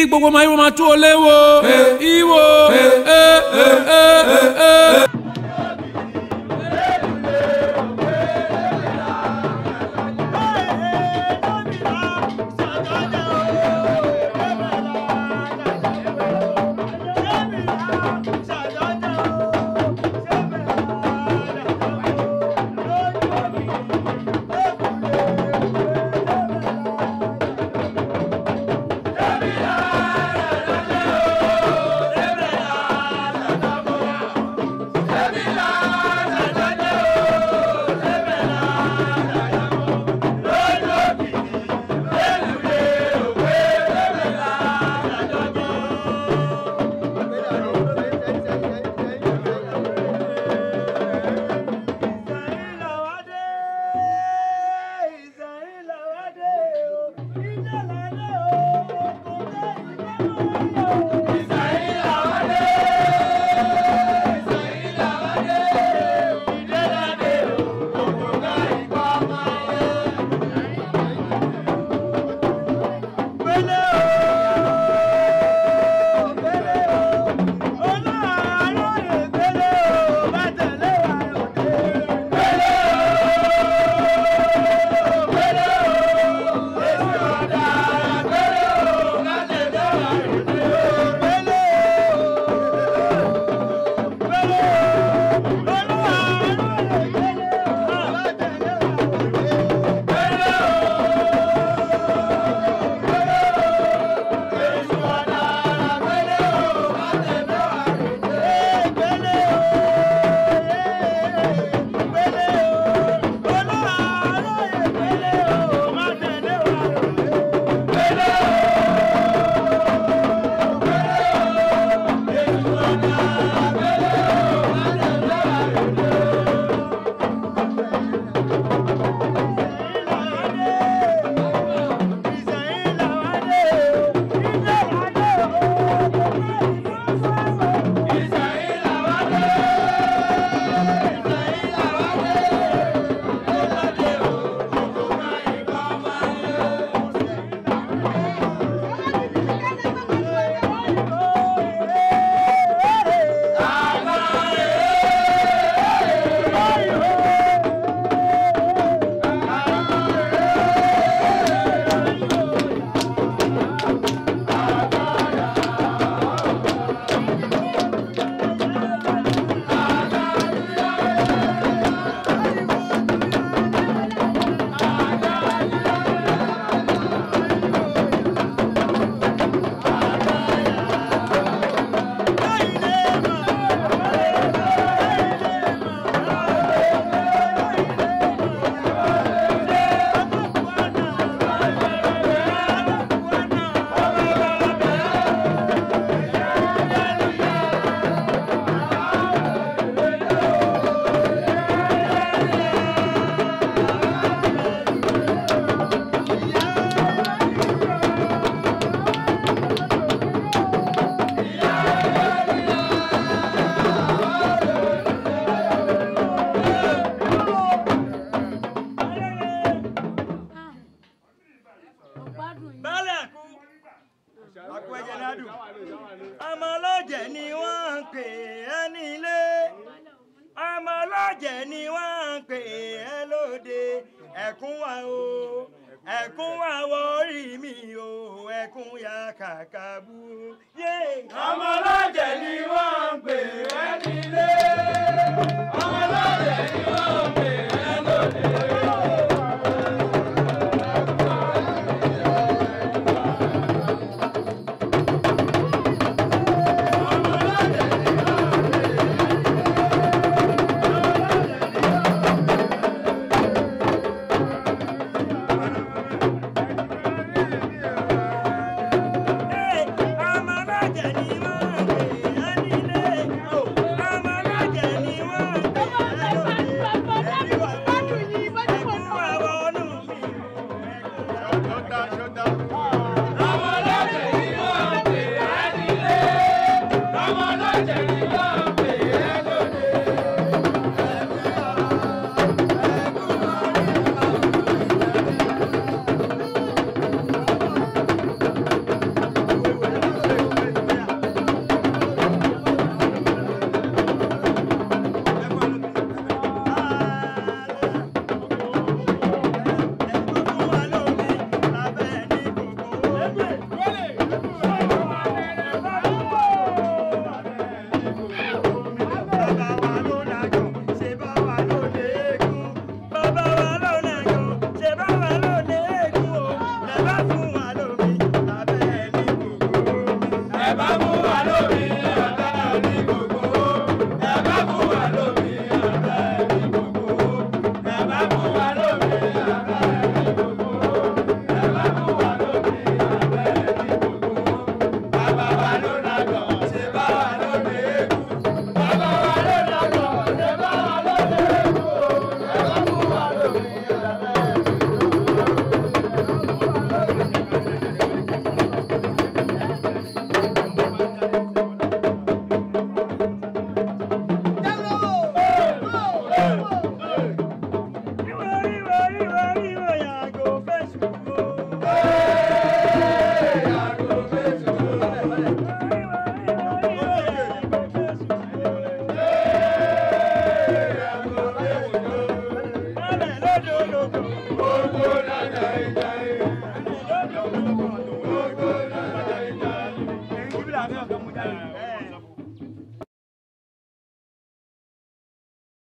kí gbogbo ọmọ yìí wọ́n máa tú ọ léwo ìwò. baálé àkú àkú ni wọ́n ń pè ẹ́ nílé ni wọ́n ń pè ẹ́ lóde ẹ̀kún o ẹ̀kún wa wọ orí mi o ẹ̀kún ya kàkà bú yé. ni wọ́n ń pè ẹ́